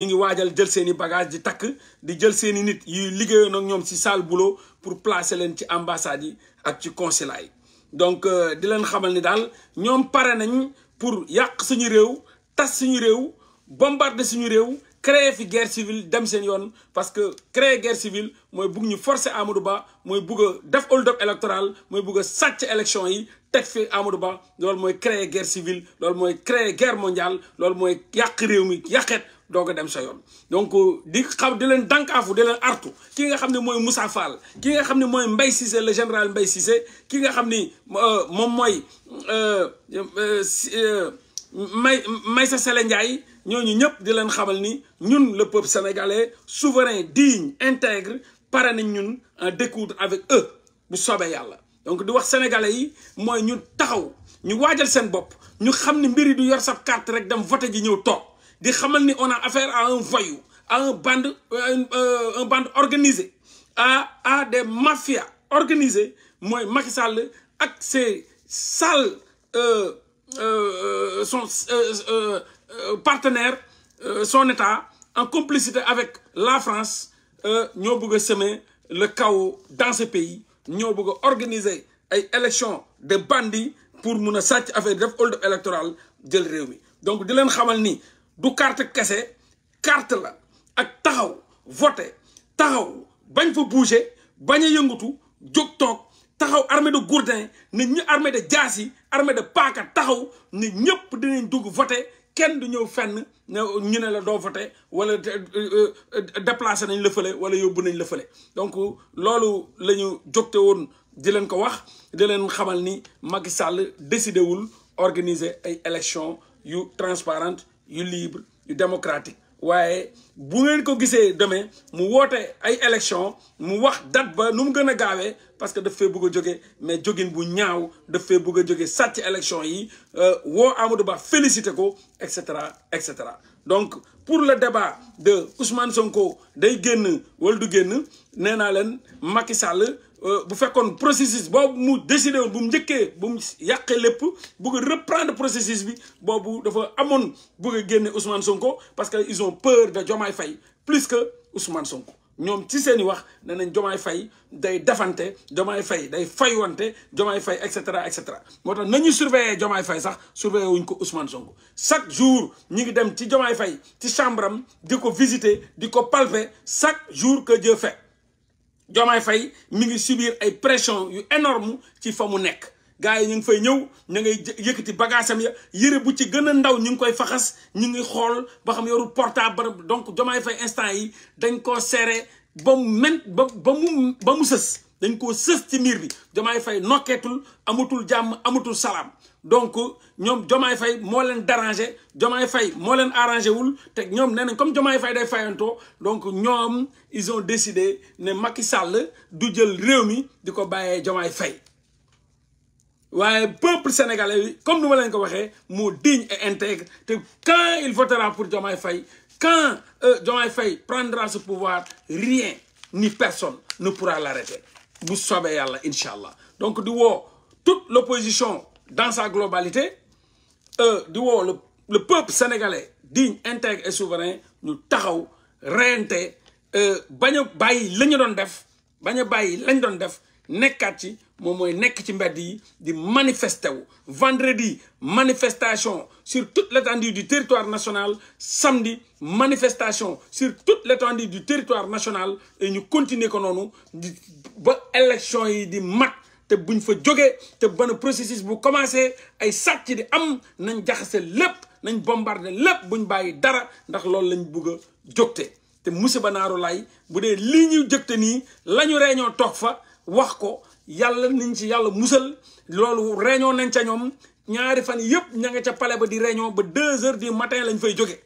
ñu ngi waajal jël seen i bagage di takk di jël seen i nit yuy liggéeyoon ak ñoom ci sale boulot pour placer leen ci ambassades yi ak ci consulat yi donc euh, di leen xamal ni daal ñoom pare nañ pour yàq suñu réew tas suñu réew bombarder suñu réew créer fi guerre civile dem seen yoon parce que créer guerre civile mooy bugg ñu forcer Amadou Ba mooy bugg def hold up électoral mooy bugg sàcc élection yi teg fi Amadou Ba loolu mooy créer guerre civile loolu mooy créer guerre mondiale loolu mooy yàq réew mi yàqet doog dem sa yoon donc di xam di leen dànkaafu di leen artu ki nga xam ne mooy Moussa Fall ki nga xam ne mooy Mbaye Cissé le général Mbaye Cissé ki nga xam ni euh, moom mooy euh, euh, May Maysa Sele Ndiaye ñooñu ñëpp di leen xamal ni ñun le peuple sénégalais souverain digne intègre pare nañ ñun en découdre avec eux bu soobee yàlla donc di wax sénégalais yi mooy ñun taxaw ñu waajal seen bopp ñu xam ni mbir du yor sab carte rek dem vote ji ñëw toog. di xamal ni on a affaire à un voyou à un bande euh, euh, un bande à à des mafias organisées mooy Macky Sall ak ses sales euh, son partenaire son état en complicité avec la France ñoo bëgg a semer le chaos dans ce pays ñoo bëgg a organiser ay élections de bandits pour mun a sàcc affaire def hold-up électoral jël réew mi di leen xamal ni. du carte kese carte la ak taxaw voté taxaw bañ fa bouger bañ a yëngatu jóg toog taxaw armée de gourdin ne ñu armée de jaas yi de paaka taxaw ne ñëpp dinañ dugg voté kenn du ñëw fenn ñu ne la doo voté wala euh, euh, déplacé nañ la fële wala yóbbu nañ la fële donc loolu la ñu jógte woon di leen ko wax di leen xamal ni Macky Sall décidé wul organiser ay élection yu transparente yu libre yu démocratique waaye bu ngeen ko gisee demee mu woote ay élection mu wax date ba nu mu gën a gaawee parce que daf fee bëgg a jóge mais jógin bu ñaaw daf fee bëgg a jóge sàcc élection yi euh, woo Amadou Ba félicité ko et cetera et cetera donc pour le débat de Ousmane Sonko day génn wala du génn nee naa leen Macky Sall Euh, bu fekkoon processus boobu mu décidé woon bu mu njëkkee bu mu yàqee lépp bëgg a reprendre processus bi boobu dafa amoon bëgg génne Ousmane Sonko parce que ils ont peur de Diomaye Faye plus que Ousmane Sonko ñoom ci seen i wax ne nañ Diomaye Faye day defante Diomaye fay day faywante Diomaye fay et cetera et cetera moo tax nañu surveiller Diomaye fay sax surveiller wuñ ko Ousmane Sonko chaque jour ñu ngi dem ci Diomaye fay ci chambre am di ko visiter di ko palper chaque jour que Dieu fait Diomaye fay mu ngi subir ay pression yu énorme ci fa mu nekk gars yi ñu ngi fay ñëw ñu ngay yëkkati bagaasam ya yëre bu ci gën a ndaw ñu ngi koy faxas ñu ngi xool ba xam yoru portable donc Diomaye fay instant yi dañ koo serré ba mu men ba ba mu ba mu sës dañ koo sës ci miir bi Jomaay Fay nokkeetul amatul jàmm amatul salaam donc ñoom Jomaay Fay moo leen dérangé Jomaay Fay moo leen arrangé wul te ñoom nee nañ comme Jomaay Fay day fayantoo donc ñoom ils ont décidé ne Macky Sall du jël réew mi di ko bàyyee Jomaay Fay waaye peuple sénégalais bi comme nu ma leen ko waxee moo digne et intègre te quand il votera pour Jomaay Fay quand euh, Jomaay Fay prendra ce pouvoir rien ni personne ne pourra l'arrêter bu soobee yàlla incha allah donc di woo toute l'opposition dans sa globalité euh, di woo le le peuple sénégalais digne intègre et souverain ñu taxaw reyante euh, bañ a bàyyi la ñu doon def bañ a bàyyi lañ doon def nekkaat ci moom mooy nekk ci mbedd yi di manifester wu vendredi manifestation sur toute l'étendue du territoire national samedi manifestation sur toute l'étendue du territoire national et ñu continuer ko noonu ba élection yi di mat te buñ fa jóge te ban processus bu commencé ay sàcc di am nañ jaxase lépp nañ bombarder lépp buñ bàyyi dara ndax loolu lañ bugg a jógte te musiba naaru lay bu dee lii ñuy jëgte nii la ñu réunion toog fa wax ko yàlla nañ ci yàlla musal loolu réunion nañ ca ñoom ñaari fan yëpp ña nga ca palais ba di réunion ba deux heures du matin lañ fay jóge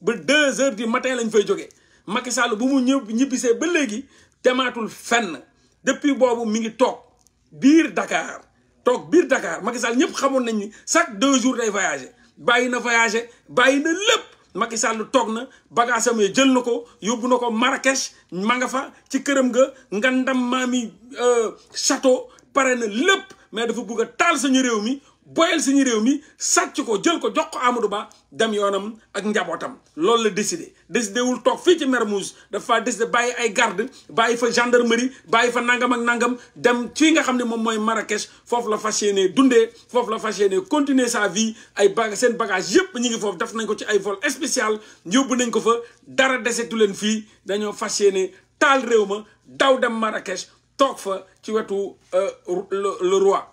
ba deux heures du matin lañ fay jóge Macky Sall bu mu ñëw ñibbisee ba léegi demaatul fenn depuis boobu mi ngi toog biir Dakar toog biir Dakar Macky Sall ñëpp xamoon nañ ni chaque deux jours day voyager bàyyi na voyager bàyyi na lépp Macky Sall toog na bagage am jël na ko yóbbu na ko Marrakech manga fa ci këram nga ngandam maami euh, château pare na lépp mais dafa bugg a taal sañu réew mi boyal suñu réew mi sàcc ko jël ko jox ko Amadou Ba dem yoonam ak njabootam loolu la décidé décidé wul toog fii ci Mermoz dafa décidé bàyyi ay garde bàyyi fa gendarmerie bàyyi fa nangam ak nangam dem fii nga xam ne moom mooy Marrakech foofu la fas yéenee dundee foofu la fas yéenee continuer sa vie ay bag seen bagage yëpp ñu ngi foofu def nañ ko ci ay vol spécial yóbbu nañ ko fa dara desetu leen fii dañoo fas yéenee taal réew ma daw dem Marrakech toog fa ci wetu euh, le roi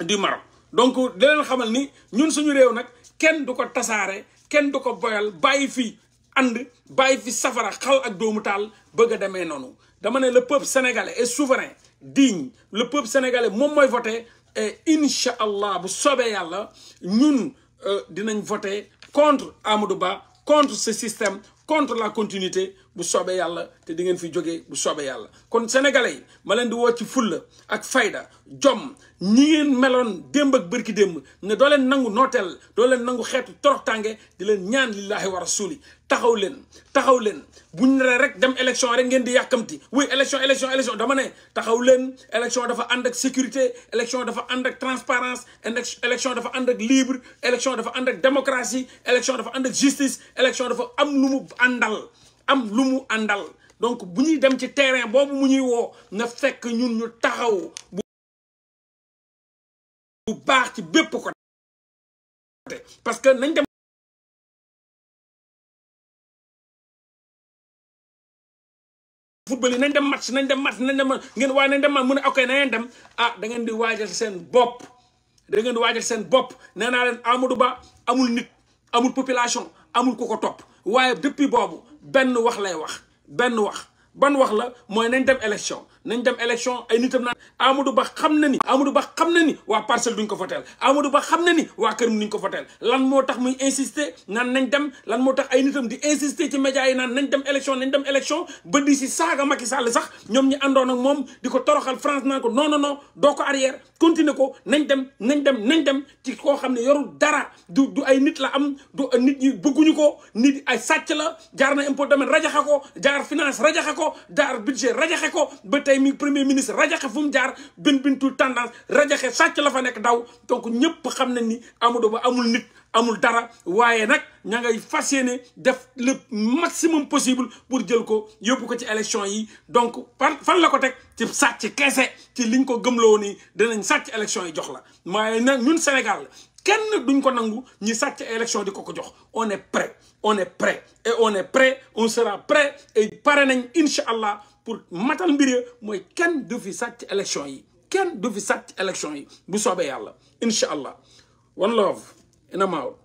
du Maroc donc di leen xamal ni ñun suñu réew nag kenn du ko tasaare kenn du ko boyal bàyyi fi ànd bàyyi fi safara xaw ak doomu taal bëgg a demee noonu dama ne la peuple sénégalais est souverain digne le peuple sénégalais moom mooy voté et incha allah bu soobee yàlla ñun euh, dinañ voté contre Amadou Ba contre ce système contre la continuité bu soobee yàlla te di ngeen fi jógee bu soobee yàlla kon sénégalais ma leen di woo ci fulla ak fayda jom ñi ngeen meloon démb ak bërki démb nga doo leen nangu nooteel doo leen nangu xeetu toroxtànge di leen ñaan lillaahi wa suuli taxaw leen taxaw leen buñ ne rek dem élection rek ngeen di yàkkamti oui élection élection élection dama ne taxaw leen élection dafa ànd ak sécurité élection dafa ànd ak transparence élection dafa ànd ak libre élection dafa ànd ak démocratie élection dafa ànd ak justice élection dafa am lu mu àndal am lu mu àndal donc bu ñuy dem ci terrain boobu mu ñuy woo na fekk ñun ñu bu baax ci bépp parce que nañ dem football nañ dem match nañ dem match nañ dem ngeen waaye nañ dem match mu ne ok na dem ah da di waajal seen bopp da ngeen di waajal seen bopp nee naa leen Amadou Ba amul nit amul population amul ku ko topp waaye depuis boobu benn wax lay wax benn wax ban wax la mooy nañ dem élection nañ dem élection ay nitam naan Amadou Ba xam na ni Amadou Ba xam na ni waa parcelle duñ ko foteel Amadou Ba xam na ni waa këram duñ ko foteel lan moo tax muy insister naan nañ dem lan moo tax ay nitam di insister ci média yi naan nañ dem nañ dem élection ba di si saaga Macky Sall sax ñoom ñi àndoon ak moom di ko toroxal France naan ko non non doo ko arrière continuer ko nañ dem nañ dem nañ dem ci koo xam ne yorul dara du du ay nit la am du nit ñi bëgguñu ko nit ay sàcc la jaar na impôt domaine rajaxe ko jaar finance rajaxe ko jaar budget rajaxe ko ba tey mi premier ministre rajaxe fu mu jaar bin bintul tendance rajaxe sàcc la fa nekk daw donc ñëpp xam nañ ni Amadou Ba amul nit amul dara waaye nag ña ngay fas yéene def le maximum possible pour jël ko yóbbu ko ci élection yi donc par fan la ko teg ci sàcc kese ci liñ ko gëmloo nii dinañ sàcc élection yi jox la maaye nag ñun Sénégal kenn duñ ko nangu ñi sàcc élection di ko ko jox on est prêt on est prêt et on est prêt on sera prêt et pare nañ incha allah pour matal mbir mooy kenn du fi sàcc élection yi kenn du fi sàcc élection yi bu soobee yàlla incha allah one love ina maaw